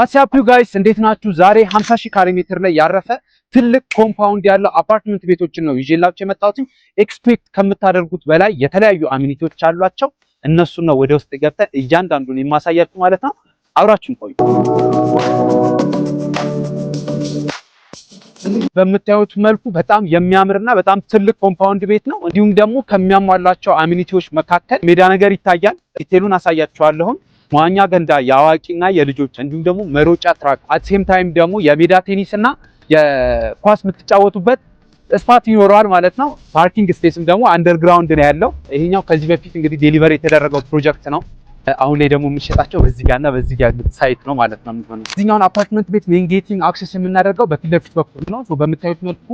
ዋትስአፕ ጋይስ እንዴት ናችሁ? ዛሬ 50 ሺህ ካሬ ሜትር ላይ ያረፈ ትልቅ ኮምፓውንድ ያለው አፓርትመንት ቤቶችን ነው ይዤላችሁ የመጣሁት። ኤክስፔክት ከምታደርጉት በላይ የተለያዩ አሚኒቲዎች አሏቸው። እነሱን ነው ወደ ውስጥ ገብተን እያንዳንዱን የማሳያችሁ ማለት ነው። አብራችሁን ቆዩ። በምታዩት መልኩ በጣም የሚያምርና በጣም ትልቅ ኮምፓውንድ ቤት ነው። እንዲሁም ደግሞ ከሚያሟላቸው አሚኒቲዎች መካከል ሜዳ ነገር ይታያል። ዲቴሉን አሳያችኋለሁም መዋኛ ገንዳ የአዋቂና የልጆች እንዲሁም ደግሞ መሮጫ ትራክ አትሴም ታይም ደግሞ የሜዳ ቴኒስ እና የኳስ የምትጫወቱበት ስፋት ይኖረዋል ማለት ነው። ፓርኪንግ ስፔስም ደግሞ አንደርግራውንድ ነው ያለው። ይሄኛው ከዚህ በፊት እንግዲህ ዴሊቨር የተደረገው ፕሮጀክት ነው። አሁን ላይ ደግሞ የምንሸጣቸው በዚህ ጋርና በዚህ ጋር ሳይት ነው ማለት ነው የሚሆነው። እዚኛውን አፓርትመንት ቤት ሜን ጌቲንግ አክሰስ የምናደርገው በፊት ለፊት በኩል ነው። በምታዩት መልኩ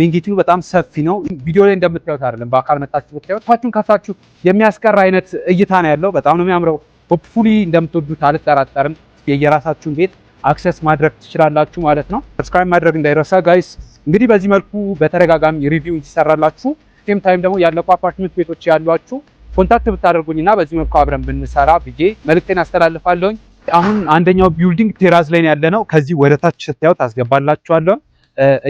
ሜን ጌቲንግ በጣም ሰፊ ነው። ቪዲዮ ላይ እንደምታዩት አይደለም፣ በአካል መጣችሁ ብታዩት ታችሁን ከፍታችሁ የሚያስቀር አይነት እይታ ነው ያለው። በጣም ነው የሚያምረው። ሆፕፉሊ እንደምትወዱት አልጠራጠርም። የየራሳችሁን ቤት አክሰስ ማድረግ ትችላላችሁ ማለት ነው። ሰብስክራይብ ማድረግ እንዳይረሳ ጋይስ። እንግዲህ በዚህ መልኩ በተደጋጋሚ ሪቪው እንዲሰራላችሁ ሴም ታይም ደግሞ ያለቁ አፓርትመንት ቤቶች ያሏችሁ ኮንታክት እና በዚህ መልኩ አብረን ብንሰራ ብዬ መልእክቴን አስተላልፋለሁኝ። አሁን አንደኛው ቢልዲንግ ቴራዝ ላይ ያለ ነው። ከዚህ ወደታች ስታዩት አስገባላችኋለሁ።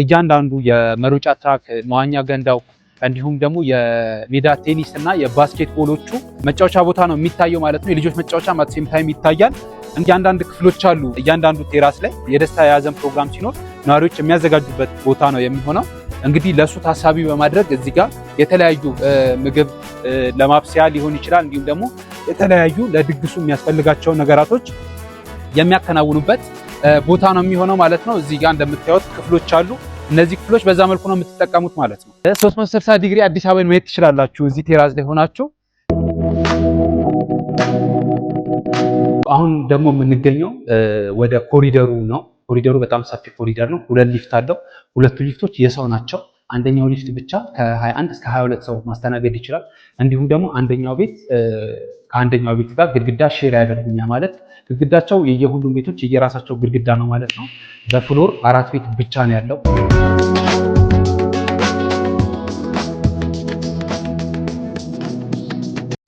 እያንዳንዱ የመሮጫ ትራክ መዋኛ ገንዳው እንዲሁም ደግሞ የሜዳ ቴኒስ እና የባስኬት ቦሎቹ መጫወቻ ቦታ ነው የሚታየው ማለት ነው። የልጆች መጫወቻ ማትሴም ታይም ይታያል። እያንዳንድ ክፍሎች አሉ። እያንዳንዱ ቴራስ ላይ የደስታ የያዘን ፕሮግራም ሲኖር ነዋሪዎች የሚያዘጋጁበት ቦታ ነው የሚሆነው። እንግዲህ ለእሱ ታሳቢ በማድረግ እዚህ ጋር የተለያዩ ምግብ ለማብሰያ ሊሆን ይችላል፣ እንዲሁም ደግሞ የተለያዩ ለድግሱ የሚያስፈልጋቸው ነገራቶች የሚያከናውኑበት ቦታ ነው የሚሆነው ማለት ነው። እዚህ ጋር እንደምታዩት ክፍሎች አሉ። እነዚህ ክፍሎች በዛ መልኩ ነው የምትጠቀሙት ማለት ነው። 360 ዲግሪ አዲስ አበባን ማየት ትችላላችሁ እዚህ ቴራዝ ላይ ሆናችሁ። አሁን ደግሞ የምንገኘው ወደ ኮሪደሩ ነው። ኮሪደሩ በጣም ሰፊ ኮሪደር ነው። ሁለት ሊፍት አለው። ሁለቱ ሊፍቶች የሰው ናቸው። አንደኛው ሊፍት ብቻ ከ21 እስከ 22 ሰው ማስተናገድ ይችላል። እንዲሁም ደግሞ አንደኛው ቤት ከአንደኛው ቤት ጋር ግድግዳ ሼር ያደርጉኛል ማለት ግድግዳቸው የየሁሉም ቤቶች የየራሳቸው ግድግዳ ነው ማለት ነው። በፍሎር አራት ቤት ብቻ ነው ያለው።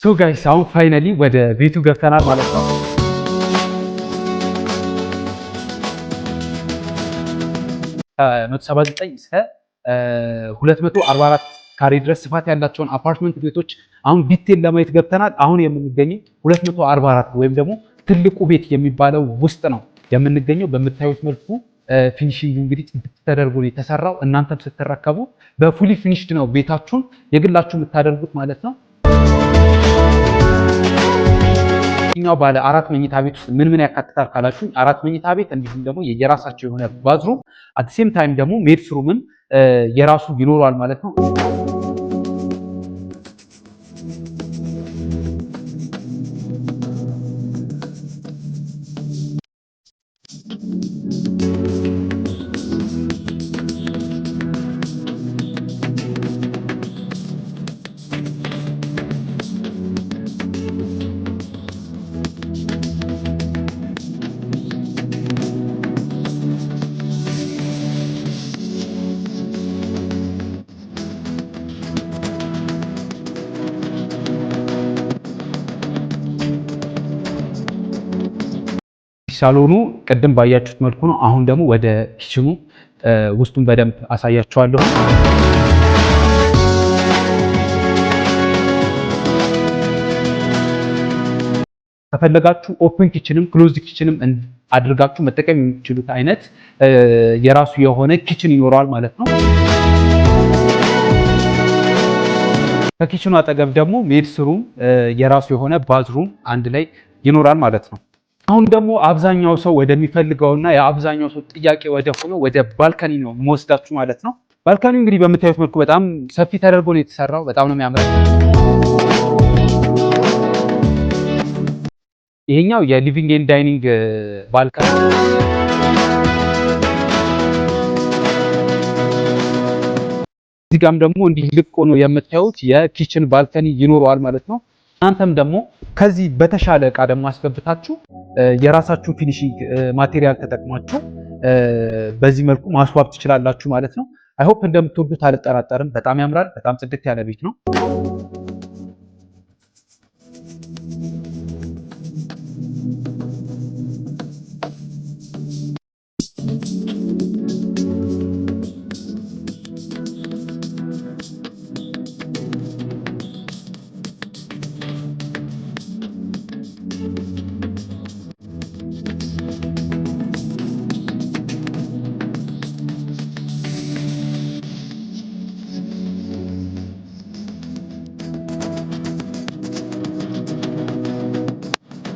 ሶ ጋይስ አሁን ፋይናሊ ወደ ቤቱ ገብተናል ማለት ነው። ከ179 እስከ 244 ካሬ ድረስ ስፋት ያላቸውን አፓርትመንት ቤቶች አሁን ዲቴል ለማየት ገብተናል። አሁን የምንገኘው 244 ወይም ደግሞ ትልቁ ቤት የሚባለው ውስጥ ነው የምንገኘው። በምታዩት መልኩ ፊኒሽንግ እንግዲህ ተደርጎ የተሰራው እናንተም ስትረከቡ በፉሊ ፊኒሽድ ነው ቤታችሁን የግላችሁ የምታደርጉት ማለት ነው። ኛው ባለ አራት መኝታ ቤት ውስጥ ምን ምን ያካትታል ካላችሁ፣ አራት መኝታ ቤት እንዲሁም ደግሞ የየራሳቸው የሆነ ባዝሩም አት ሴም ታይም ደግሞ ሜድስሩምም የራሱ ይኖረዋል ማለት ነው። ሳሎኑ ቅድም ባያችሁት መልኩ ነው። አሁን ደግሞ ወደ ኪችኑ ውስጡን በደንብ አሳያችኋለሁ። ከፈለጋችሁ ኦፕን ኪችንም ክሎዝ ኪችንም አድርጋችሁ መጠቀም የሚችሉት አይነት የራሱ የሆነ ኪችን ይኖረዋል ማለት ነው። ከኪችኑ አጠገብ ደግሞ ሜድስሩም የራሱ የሆነ ባዝሩም አንድ ላይ ይኖራል ማለት ነው። አሁን ደግሞ አብዛኛው ሰው ወደሚፈልገውና የአብዛኛው ሰው ጥያቄ ወደ ሆኖ ወደ ባልካኒ ነው መወስዳችሁ ማለት ነው። ባልካኒ እንግዲህ በምታዩት መልኩ በጣም ሰፊ ተደርጎ ነው የተሰራው። በጣም ነው የሚያምረው። ይሄኛው የሊቪንግ ኤንድ ዳይኒንግ ባልካኒ እዚህ ጋም ደግሞ እንዲህ ልቅ ሆኖ የምታዩት የኪችን ባልካኒ ይኖረዋል ማለት ነው። እናንተም ደግሞ ከዚህ በተሻለ እቃ ደግሞ አስገብታችሁ የራሳችሁ ፊኒሺንግ ማቴሪያል ተጠቅማችሁ በዚህ መልኩ ማስዋብ ትችላላችሁ ማለት ነው። አይሆፕ እንደምትወዱት አልጠራጠርም። በጣም ያምራል። በጣም ጽድት ያለ ቤት ነው።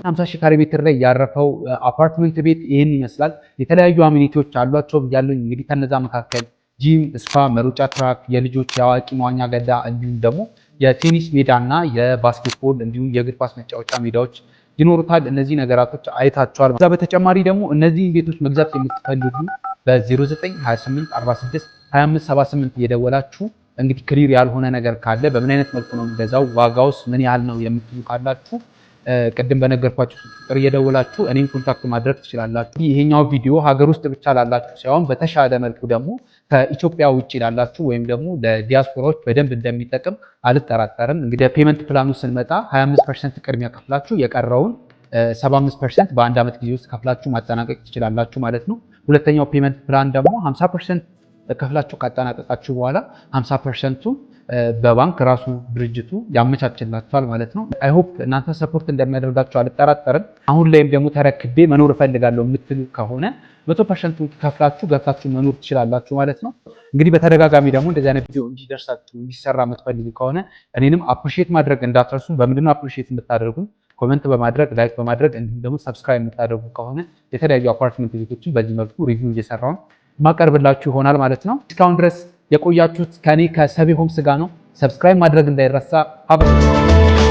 50 ሺህ ካሬ ሜትር ላይ ያረፈው አፓርትመንት ቤት ይህን ይመስላል። የተለያዩ አሚኒቲዎች አሏቸው ያሉኝ እንግዲህ ከነዛ መካከል ጂም፣ ስፓ፣ መሮጫ ትራክ፣ የልጆች የአዋቂ መዋኛ ገዳ እንዲሁም ደግሞ የቴኒስ ሜዳ እና የባስኬትቦል እንዲሁም የእግር ኳስ መጫወቻ ሜዳዎች ይኖሩታል። እነዚህ ነገራቶች አይታቸዋል። ከዛ በተጨማሪ ደግሞ እነዚህን ቤቶች መግዛት የምትፈልጉ በ0928462578 እየደወላችሁ እንግዲህ ክሊር ያልሆነ ነገር ካለ በምን አይነት መልኩ ነው የሚገዛው፣ ዋጋውስ ምን ያህል ነው የምትሉ ካላችሁ ቅድም በነገርኳችሁ ቁጥር እየደወላችሁ እኔን ኮንታክት ማድረግ ትችላላችሁ። ይሄኛው ቪዲዮ ሀገር ውስጥ ብቻ ላላችሁ ሳይሆን በተሻለ መልኩ ደግሞ ከኢትዮጵያ ውጭ ላላችሁ ወይም ደግሞ ለዲያስፖራዎች በደንብ እንደሚጠቅም አልጠራጠርም። እንግዲህ ፔመንት ፕላኑ ስንመጣ 25 ፐርሰንት ቅድሚያ ከፍላችሁ የቀረውን 75 ፐርሰንት በአንድ ዓመት ጊዜ ውስጥ ከፍላችሁ ማጠናቀቅ ትችላላችሁ ማለት ነው። ሁለተኛው ፔመንት ፕላን ደግሞ 50 ፐርሰንት ከፍላችሁ ካጠናቀቃችሁ በኋላ 50 ፐርሰንቱ በባንክ ራሱ ድርጅቱ ያመቻችላቸዋል ማለት ነው። አይሆፕ እናንተ ሰፖርት እንደሚያደርጋቸው አልጠራጠርም። አሁን ላይም ደግሞ ተረክቤ መኖር እፈልጋለሁ የምትሉ ከሆነ መቶ ፐርሰንቱ ከፍላችሁ ገብታችሁ መኖር ትችላላችሁ ማለት ነው። እንግዲህ በተደጋጋሚ ደግሞ እንደዚህ አይነት ቪዲዮ እንዲደርሳችሁ እንዲሰራ የምትፈልጉ ከሆነ እኔንም አፕሪሼት ማድረግ እንዳትረሱ። በምንድነው አፕሪሼት የምታደርጉ? ኮመንት በማድረግ ላይክ በማድረግ እንዲሁም ደግሞ ሰብስክራይብ የምታደርጉ ከሆነ የተለያዩ አፓርትመንት ቤቶችን በዚህ መልኩ ሪቪው እየሰራውን ማቀርብላችሁ ይሆናል ማለት ነው። እስካሁን ድረስ የቆያችሁት ከኔ ከሰቢሆም ስጋ ነው። ሰብስክራይብ ማድረግ እንዳይረሳ አብረን